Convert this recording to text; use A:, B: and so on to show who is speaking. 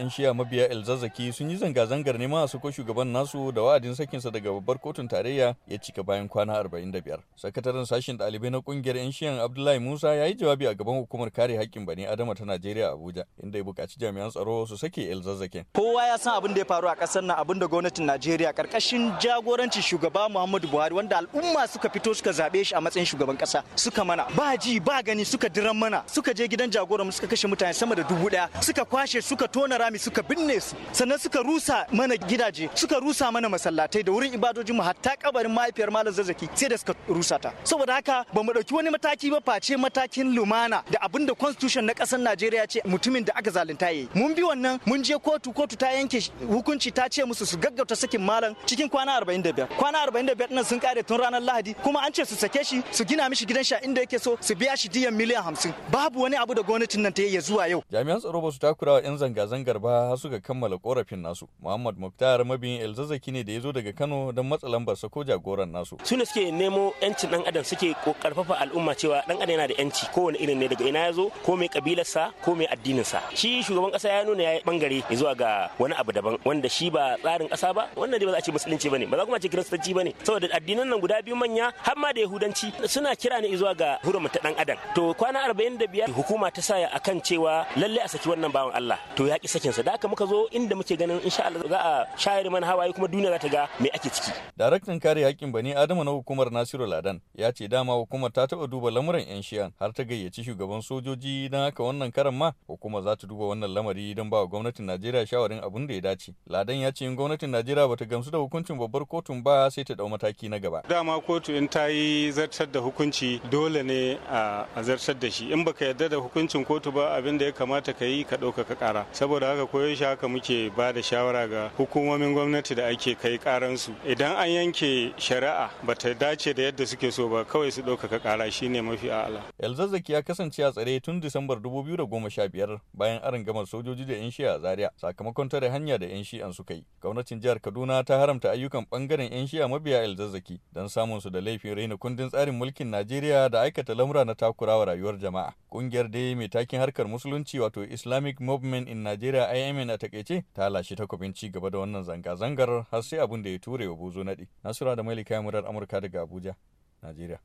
A: 'yan shiya mabiya ilzazzaki sun yi zanga-zangar neman a sako shugaban nasu da wa'adin sakinsa daga babbar kotun tarayya ya cika bayan kwana 45. Sakataren sashen ɗalibai na kungiyar 'yan shiyan Abdullahi Musa ya yi jawabi a gaban hukumar kare haƙƙin bani Adama ta Najeriya Abuja inda ya buƙaci jami'an tsaro su sake elzazzakin. Kowa ya
B: san abin da ya faru a ƙasar na abin da gwamnatin Najeriya ƙarƙashin jagorancin shugaba Muhammadu Buhari wanda al'umma suka fito suka zaɓe shi a matsayin shugaban ƙasa suka mana ba ji ba gani suka diran mana suka je gidan jagoran suka kashe mutane sama da dubu ɗaya suka kwashe suka tona rami suka binne su sannan suka rusa mana gidaje suka rusa mana masallatai da wurin ibadojin mu hatta kabarin mahaifiyar malam zazzaki sai da suka rusa ta saboda haka ba mu dauki wani mataki ba face matakin lumana da abin da constitution na kasar Najeriya ce mutumin da aka zalunta yayi mun bi wannan mun je kotu kotu ta yanke hukunci ta ce musu su gaggauta sakin malam cikin kwana 45 kwana 45 nan sun kare tun ranar Lahadi kuma an ce su sake shi su gina mishi gidan sha inda yake so su biya shi diyan miliyan 50 babu
A: wani abu da gwamnatin nan ta yi zuwa yau jami'an tsaro ba su takura wa 'yan zanga-zangar karba suka kammala korafin nasu muhammad muktar mabiyin Elzazaki ne da ya zo daga kano don matsa lambar ko jagoran nasu su
C: ne suke nemo yancin dan adam suke karfafa al'umma cewa dan adam yana da yanci kowane irin ne daga ina ya zo ko mai kabilarsa ko mai sa. shi shugaban kasa ya nuna ya yi bangare zuwa ga wani abu daban wanda shi ba tsarin kasa ba wannan dai ba za a ce musulunci bane ba za kuma a ce kiristanci bane saboda addinan nan guda biyu manya har ma da yahudanci suna kira ne zuwa ga ta dan adam to kwana 45 hukuma ta sa akan cewa lalle a saki wannan bawan Allah to ya ki sakin aikinsa da aka muka zo inda muke ganin insha Allah za a shayar mana hawaye kuma duniya za ta ga mai ake ciki
A: daraktan kare hakkin bani adamu na hukumar nasiru ladan ya ce dama hukumar ta taɓa duba lamuran yan shiyan har ta gayyaci shugaban sojoji don haka wannan karan ma hukuma za ta duba wannan lamari don ba wa gwamnatin najeriya shawarin abin da ya dace ladan ya ce in gwamnatin najeriya ta gamsu da hukuncin babbar kotun ba sai ta dau mataki na gaba dama
D: kotu in ta yi zartar da hukunci dole ne a zartar da shi in baka yarda da hukuncin kotu ba abin da ya kamata ka yi ka ka kara saboda saboda haka koyo shi haka muke ba da shawara ga hukumomin gwamnati da ake kai karansu idan an yanke shari'a ba ta dace da yadda suke so ba kawai su ɗaukaka kara shi ne mafi a'ala.
A: Elzazzaki ya kasance a tsare tun Disambar 2015 bayan arin gamar sojoji da 'yan shi'a a Zaria sakamakon tare hanya da 'yan shi'an su kai Gwamnatin jihar Kaduna ta haramta ayyukan bangaren 'yan shi'a mabiya Elzazzaki don samun su da laifin raina kundin tsarin mulkin Najeriya da aikata lamura na takurawa rayuwar jama'a. Kungiyar dai mai takin harkar musulunci wato Islamic Movement in Nigeria Najeriya IMN a takaice ta lashe takobin ci gaba da wannan zanga-zangar har sai abin da ya ture wa bozo naɗi. Nasura da likayen murar Amurka daga Abuja, Najeriya.